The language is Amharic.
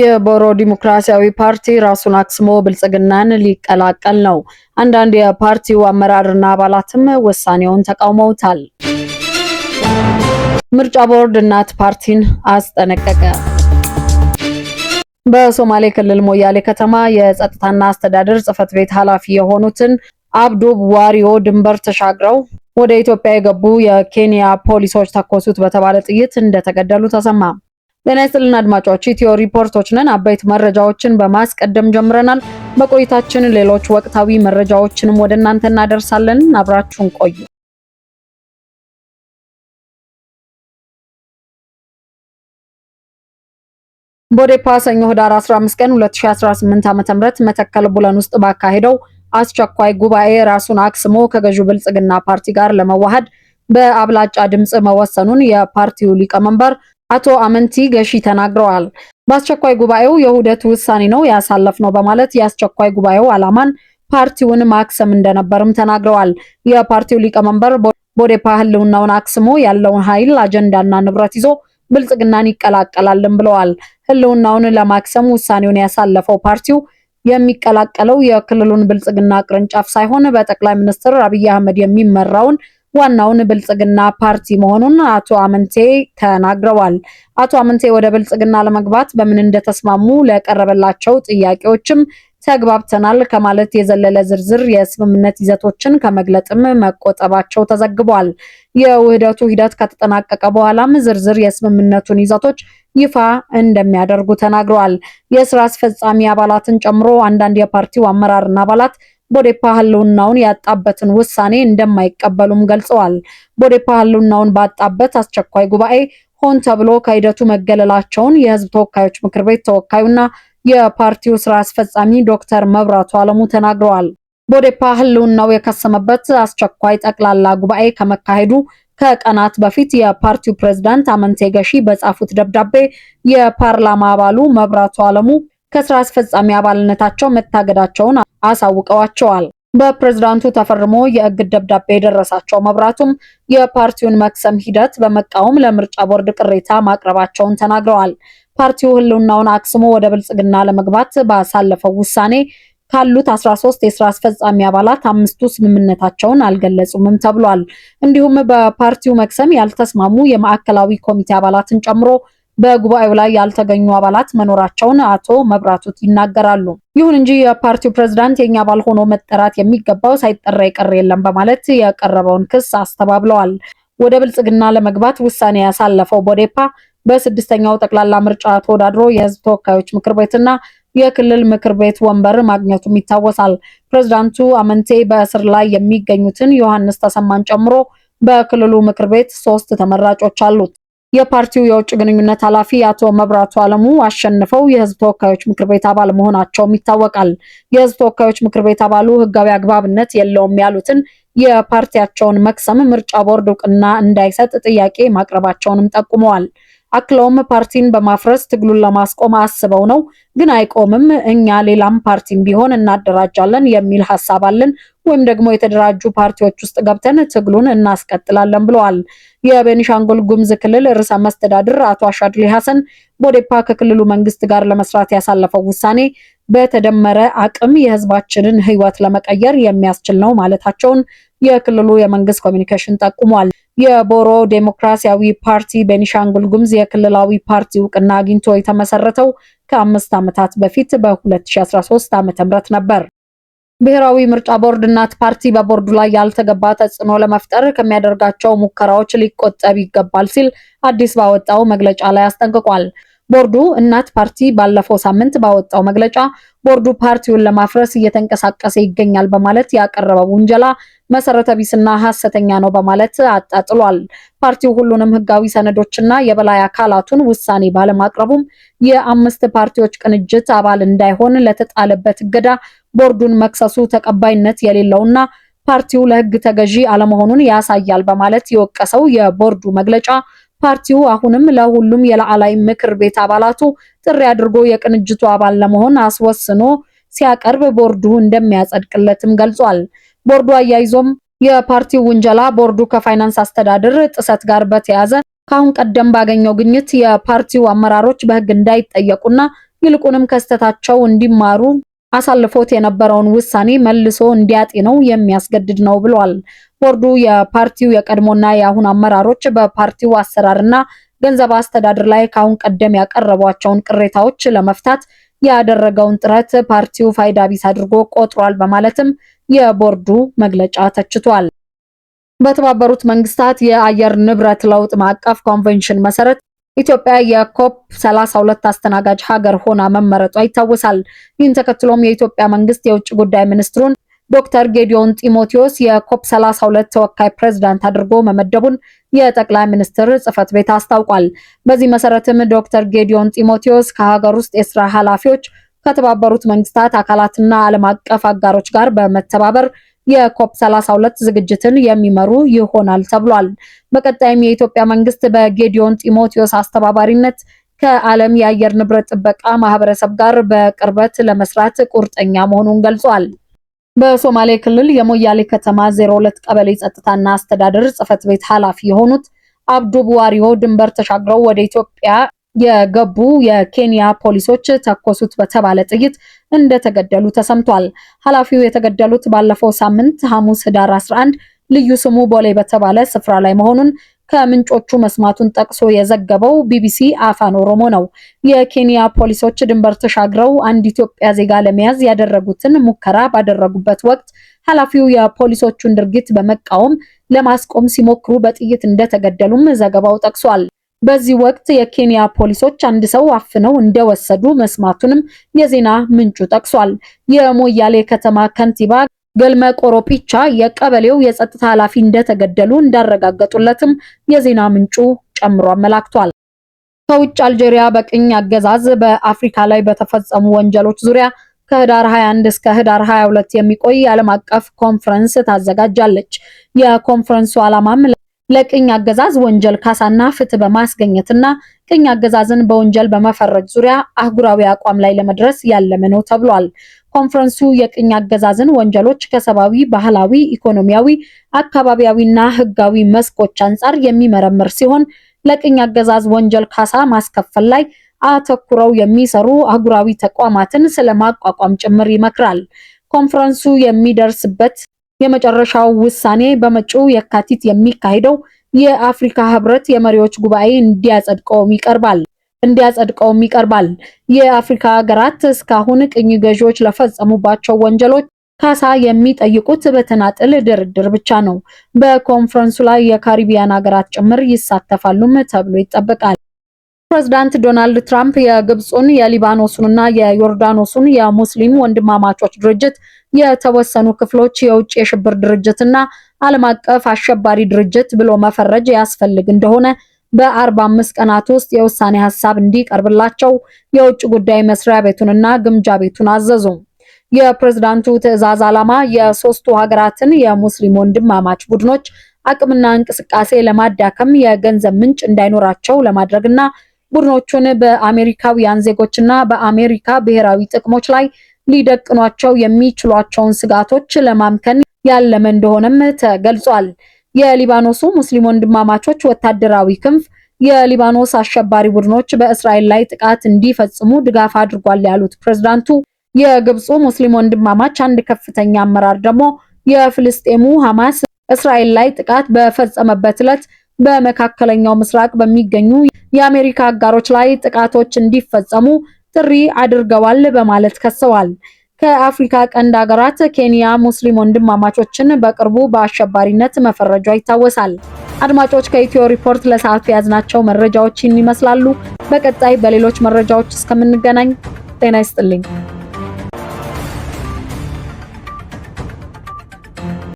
የቦሮ ዲሞክራሲያዊ ፓርቲ ራሱን አክስሞ ብልጽግናን ሊቀላቀል ነው። አንዳንድ የፓርቲው አመራርና አባላትም ውሳኔውን ተቃውመውታል። ምርጫ ቦርድ እናት ፓርቲን አስጠነቀቀ። በሶማሌ ክልል ሞያሌ ከተማ የጸጥታና አስተዳደር ጽፈት ቤት ኃላፊ የሆኑትን አብዱብ ዋሪዮ ድንበር ተሻግረው ወደ ኢትዮጵያ የገቡ የኬንያ ፖሊሶች ተኮሱት በተባለ ጥይት እንደተገደሉ ተሰማ። ጤና ይስጥልን አድማጮች፣ ኢትዮ ሪፖርቶች ነን። አበይት መረጃዎችን በማስቀደም ጀምረናል። በቆይታችን ሌሎች ወቅታዊ መረጃዎችንም ወደ እናንተ እናደርሳለን። አብራችሁን ቆዩ። ቦዴፓ ሰኞ ህዳር 15 ቀን 2018 ዓ.ም መተከል ቡለን ውስጥ ባካሄደው አስቸኳይ ጉባኤ ራሱን አክስሞ ከገዢው ብልጽግና ፓርቲ ጋር ለመዋሃድ በአብላጫ ድምጽ መወሰኑን የፓርቲው ሊቀመንበር አቶ አመንቲ ገሺ ተናግረዋል። በአስቸኳይ ጉባኤው የውህደት ውሳኔ ነው ያሳለፍ ነው በማለት የአስቸኳይ ጉባኤው ዓላማን ፓርቲውን ማክሰም እንደነበርም ተናግረዋል። የፓርቲው ሊቀመንበር ቦዴፓ ህልውናውን አክስሞ ያለውን ኃይል አጀንዳና ንብረት ይዞ ብልጽግናን ይቀላቀላልም ብለዋል። ህልውናውን ለማክሰም ውሳኔውን ያሳለፈው ፓርቲው የሚቀላቀለው የክልሉን ብልጽግና ቅርንጫፍ ሳይሆን በጠቅላይ ሚኒስትር አብይ አህመድ የሚመራውን ዋናውን ብልጽግና ፓርቲ መሆኑን አቶ አመንቴ ተናግረዋል። አቶ አመንቴ ወደ ብልጽግና ለመግባት በምን እንደተስማሙ ለቀረበላቸው ጥያቄዎችም ተግባብተናል ከማለት የዘለለ ዝርዝር የስምምነት ይዘቶችን ከመግለጥም መቆጠባቸው ተዘግቧል። የውህደቱ ሂደት ከተጠናቀቀ በኋላም ዝርዝር የስምምነቱን ይዘቶች ይፋ እንደሚያደርጉ ተናግረዋል። የስራ አስፈጻሚ አባላትን ጨምሮ አንዳንድ የፓርቲው አመራርና አባላት ቦዴፓ ህልውናውን ያጣበትን ውሳኔ እንደማይቀበሉም ገልጸዋል። ቦዴፓ ህልውናውን ባጣበት አስቸኳይ ጉባኤ ሆን ተብሎ ከሂደቱ መገለላቸውን የህዝብ ተወካዮች ምክር ቤት ተወካዩና የፓርቲው ስራ አስፈጻሚ ዶክተር መብራቱ አለሙ ተናግረዋል። ቦዴፓ ህልውናው የከሰመበት አስቸኳይ ጠቅላላ ጉባኤ ከመካሄዱ ከቀናት በፊት የፓርቲው ፕሬዝዳንት አመንቴ ገሺ በጻፉት ደብዳቤ የፓርላማ አባሉ መብራቱ አለሙ ከስራ አስፈጻሚ አባልነታቸው መታገዳቸውን አሳውቀዋቸዋል። በፕሬዝዳንቱ ተፈርሞ የእግድ ደብዳቤ የደረሳቸው መብራቱም የፓርቲውን መክሰም ሂደት በመቃወም ለምርጫ ቦርድ ቅሬታ ማቅረባቸውን ተናግረዋል። ፓርቲው ህልውናውን አክስሞ ወደ ብልጽግና ለመግባት ባሳለፈው ውሳኔ ካሉት 13 የስራ አስፈጻሚ አባላት አምስቱ ስምምነታቸውን አልገለጹምም ተብሏል። እንዲሁም በፓርቲው መክሰም ያልተስማሙ የማዕከላዊ ኮሚቴ አባላትን ጨምሮ በጉባኤው ላይ ያልተገኙ አባላት መኖራቸውን አቶ መብራቱት ይናገራሉ። ይሁን እንጂ የፓርቲው ፕሬዝዳንት የእኛ አባል ሆኖ መጠራት የሚገባው ሳይጠራ ይቀር የለም በማለት የቀረበውን ክስ አስተባብለዋል። ወደ ብልጽግና ለመግባት ውሳኔ ያሳለፈው ቦዴፓ በስድስተኛው ጠቅላላ ምርጫ ተወዳድሮ የህዝብ ተወካዮች ምክር ቤትና የክልል ምክር ቤት ወንበር ማግኘቱም ይታወሳል። ፕሬዝዳንቱ አመንቴ በእስር ላይ የሚገኙትን ዮሐንስ ተሰማን ጨምሮ በክልሉ ምክር ቤት ሶስት ተመራጮች አሉት። የፓርቲው የውጭ ግንኙነት ኃላፊ አቶ መብራቱ አለሙ አሸንፈው የህዝብ ተወካዮች ምክር ቤት አባል መሆናቸውም ይታወቃል። የህዝብ ተወካዮች ምክር ቤት አባሉ ህጋዊ አግባብነት የለውም ያሉትን የፓርቲያቸውን መክሰም ምርጫ ቦርድ እውቅና እንዳይሰጥ ጥያቄ ማቅረባቸውንም ጠቁመዋል። አክለውም ፓርቲን በማፍረስ ትግሉን ለማስቆም አስበው ነው፣ ግን አይቆምም። እኛ ሌላም ፓርቲም ቢሆን እናደራጃለን የሚል ሀሳብ አለን ወይም ደግሞ የተደራጁ ፓርቲዎች ውስጥ ገብተን ትግሉን እናስቀጥላለን ብለዋል። የቤኒሻንጉል ጉምዝ ክልል ርዕሰ መስተዳድር አቶ አሻድሊ ሀሰን ቦዴፓ ከክልሉ መንግስት ጋር ለመስራት ያሳለፈው ውሳኔ በተደመረ አቅም የህዝባችንን ህይወት ለመቀየር የሚያስችል ነው ማለታቸውን የክልሉ የመንግስት ኮሚኒኬሽን ጠቁሟል። የቦሮ ዴሞክራሲያዊ ፓርቲ ቤኒሻንጉል ጉምዝ የክልላዊ ፓርቲ እውቅና አግኝቶ የተመሰረተው ከአምስት ዓመታት በፊት በ2013 ዓ.ም ነበር። ብሔራዊ ምርጫ ቦርድ እናት ፓርቲ በቦርዱ ላይ ያልተገባ ተጽዕኖ ለመፍጠር ከሚያደርጋቸው ሙከራዎች ሊቆጠብ ይገባል ሲል አዲስ ባወጣው መግለጫ ላይ አስጠንቅቋል። ቦርዱ እናት ፓርቲ ባለፈው ሳምንት ባወጣው መግለጫ ቦርዱ ፓርቲውን ለማፍረስ እየተንቀሳቀሰ ይገኛል በማለት ያቀረበው ውንጀላ መሰረተ ቢስና ሐሰተኛ ነው በማለት አጣጥሏል። ፓርቲው ሁሉንም ህጋዊ ሰነዶችና የበላይ አካላቱን ውሳኔ ባለማቅረቡም የአምስት ፓርቲዎች ቅንጅት አባል እንዳይሆን ለተጣለበት እገዳ ቦርዱን መክሰሱ ተቀባይነት የሌለውና ፓርቲው ለህግ ተገዢ አለመሆኑን ያሳያል በማለት የወቀሰው የቦርዱ መግለጫ ፓርቲው አሁንም ለሁሉም የላዕላይ ምክር ቤት አባላቱ ጥሪ አድርጎ የቅንጅቱ አባል ለመሆን አስወስኖ ሲያቀርብ ቦርዱ እንደሚያጸድቅለትም ገልጿል። ቦርዱ አያይዞም የፓርቲው ውንጀላ ቦርዱ ከፋይናንስ አስተዳደር ጥሰት ጋር በተያያዘ ከአሁን ቀደም ባገኘው ግኝት የፓርቲው አመራሮች በሕግ እንዳይጠየቁና ይልቁንም ከስተታቸው እንዲማሩ አሳልፎት የነበረውን ውሳኔ መልሶ እንዲያጤነው የሚያስገድድ ነው ብሏል። ቦርዱ የፓርቲው የቀድሞና የአሁን አመራሮች በፓርቲው አሰራርና ገንዘብ አስተዳደር ላይ ከአሁን ቀደም ያቀረቧቸውን ቅሬታዎች ለመፍታት ያደረገውን ጥረት ፓርቲው ፋይዳ ቢስ አድርጎ ቆጥሯል በማለትም የቦርዱ መግለጫ ተችቷል። በተባበሩት መንግስታት የአየር ንብረት ለውጥ ማዕቀፍ ኮንቬንሽን መሰረት ኢትዮጵያ የኮፕ 32 አስተናጋጅ ሀገር ሆና መመረጧ ይታወሳል። ይህን ተከትሎም የኢትዮጵያ መንግስት የውጭ ጉዳይ ሚኒስትሩን ዶክተር ጌዲዮን ጢሞቴዎስ የኮፕ 32 ተወካይ ፕሬዝዳንት አድርጎ መመደቡን የጠቅላይ ሚኒስትር ጽህፈት ቤት አስታውቋል። በዚህ መሰረትም ዶክተር ጌዲዮን ጢሞቴዎስ ከሀገር ውስጥ የስራ ኃላፊዎች ከተባበሩት መንግስታት አካላትና ዓለም አቀፍ አጋሮች ጋር በመተባበር የኮፕ 32 ዝግጅትን የሚመሩ ይሆናል ተብሏል። በቀጣይም የኢትዮጵያ መንግስት በጌዲዮን ጢሞቴዎስ አስተባባሪነት ከዓለም የአየር ንብረት ጥበቃ ማህበረሰብ ጋር በቅርበት ለመስራት ቁርጠኛ መሆኑን ገልጿል። በሶማሌ ክልል የሞያሌ ከተማ 02 ቀበሌ ጸጥታና አስተዳደር ጽህፈት ቤት ኃላፊ የሆኑት አብዱ ቡዋሪዮ ድንበር ተሻግረው ወደ ኢትዮጵያ የገቡ የኬንያ ፖሊሶች ተኮሱት በተባለ ጥይት እንደተገደሉ ተሰምቷል። ኃላፊው የተገደሉት ባለፈው ሳምንት ሐሙስ ህዳር 11 ልዩ ስሙ ቦሌ በተባለ ስፍራ ላይ መሆኑን ከምንጮቹ መስማቱን ጠቅሶ የዘገበው ቢቢሲ አፋን ኦሮሞ ነው። የኬንያ ፖሊሶች ድንበር ተሻግረው አንድ ኢትዮጵያ ዜጋ ለመያዝ ያደረጉትን ሙከራ ባደረጉበት ወቅት ኃላፊው የፖሊሶቹን ድርጊት በመቃወም ለማስቆም ሲሞክሩ በጥይት እንደተገደሉም ዘገባው ጠቅሷል። በዚህ ወቅት የኬንያ ፖሊሶች አንድ ሰው አፍነው እንደወሰዱ መስማቱንም የዜና ምንጩ ጠቅሷል። የሞያሌ ከተማ ከንቲባ ገልመ ቆሮፒቻ የቀበሌው የጸጥታ ኃላፊ እንደተገደሉ እንዳረጋገጡለትም የዜና ምንጩ ጨምሮ አመላክቷል። ከውጭ አልጄሪያ በቅኝ አገዛዝ በአፍሪካ ላይ በተፈጸሙ ወንጀሎች ዙሪያ ከህዳር 21 እስከ ህዳር 22 የሚቆይ ዓለም አቀፍ ኮንፈረንስ ታዘጋጃለች። የኮንፈረንሱ ዓላማም ለቅኝ አገዛዝ ወንጀል ካሳና ፍትህ በማስገኘትና ቅኝ አገዛዝን በወንጀል በመፈረጅ ዙሪያ አህጉራዊ አቋም ላይ ለመድረስ ያለመ ነው ተብሏል። ኮንፈረንሱ የቅኝ አገዛዝን ወንጀሎች ከሰብአዊ፣ ባህላዊ፣ ኢኮኖሚያዊ፣ አካባቢያዊና ህጋዊ መስኮች አንጻር የሚመረምር ሲሆን ለቅኝ አገዛዝ ወንጀል ካሳ ማስከፈል ላይ አተኩረው የሚሰሩ አህጉራዊ ተቋማትን ስለማቋቋም ጭምር ይመክራል። ኮንፈረንሱ የሚደርስበት የመጨረሻው ውሳኔ በመጪው የካቲት የሚካሄደው የአፍሪካ ህብረት የመሪዎች ጉባኤ እንዲያጸድቀውም ይቀርባል። እንዲያጸድቀውም ይቀርባል። የአፍሪካ ሀገራት እስካሁን ቅኝ ገዢዎች ለፈጸሙባቸው ወንጀሎች ካሳ የሚጠይቁት በተናጥል ድርድር ብቻ ነው። በኮንፈረንሱ ላይ የካሪቢያን ሀገራት ጭምር ይሳተፋሉም ተብሎ ይጠበቃል። ፕሬዝዳንት ዶናልድ ትራምፕ የግብፁን የሊባኖሱንና የዮርዳኖሱን የሙስሊም ወንድማማቾች ድርጅት የተወሰኑ ክፍሎች የውጭ የሽብር ድርጅትና ዓለም አቀፍ አሸባሪ ድርጅት ብሎ መፈረጅ ያስፈልግ እንደሆነ በ ቀናት ውስጥ የውሳኔ ሀሳብ እንዲቀርብላቸው የውጭ ጉዳይ መስሪያ ቤቱንና ግምጃ ቤቱን አዘዙ። የፕሬዝዳንቱ ትዕዛዝ ዓላማ የሶስቱ ሀገራትን የሙስሊም ወንድማማች ቡድኖች አቅምና እንቅስቃሴ ለማዳከም የገንዘብ ምንጭ እንዳይኖራቸው ለማድረግና ቡድኖቹን በአሜሪካውያን ዜጎችና በአሜሪካ ብሔራዊ ጥቅሞች ላይ ሊደቅኗቸው የሚችሏቸውን ስጋቶች ለማምከን ያለመ እንደሆነም ተገልጿል። የሊባኖሱ ሙስሊም ወንድማማቾች ወታደራዊ ክንፍ የሊባኖስ አሸባሪ ቡድኖች በእስራኤል ላይ ጥቃት እንዲፈጽሙ ድጋፍ አድርጓል ያሉት ፕሬዝዳንቱ፣ የግብፁ ሙስሊም ወንድማማች አንድ ከፍተኛ አመራር ደግሞ የፍልስጤሙ ሐማስ እስራኤል ላይ ጥቃት በፈጸመበት ዕለት በመካከለኛው ምስራቅ በሚገኙ የአሜሪካ አጋሮች ላይ ጥቃቶች እንዲፈጸሙ ጥሪ አድርገዋል በማለት ከሰዋል። ከአፍሪካ ቀንድ ሀገራት ኬንያ ሙስሊም ወንድማማቾችን በቅርቡ በአሸባሪነት መፈረጇ ይታወሳል። አድማጮች ከኢትዮ ሪፖርት ለሰዓቱ የያዝናቸው መረጃዎች ይመስላሉ። በቀጣይ በሌሎች መረጃዎች እስከምንገናኝ ጤና ይስጥልኝ።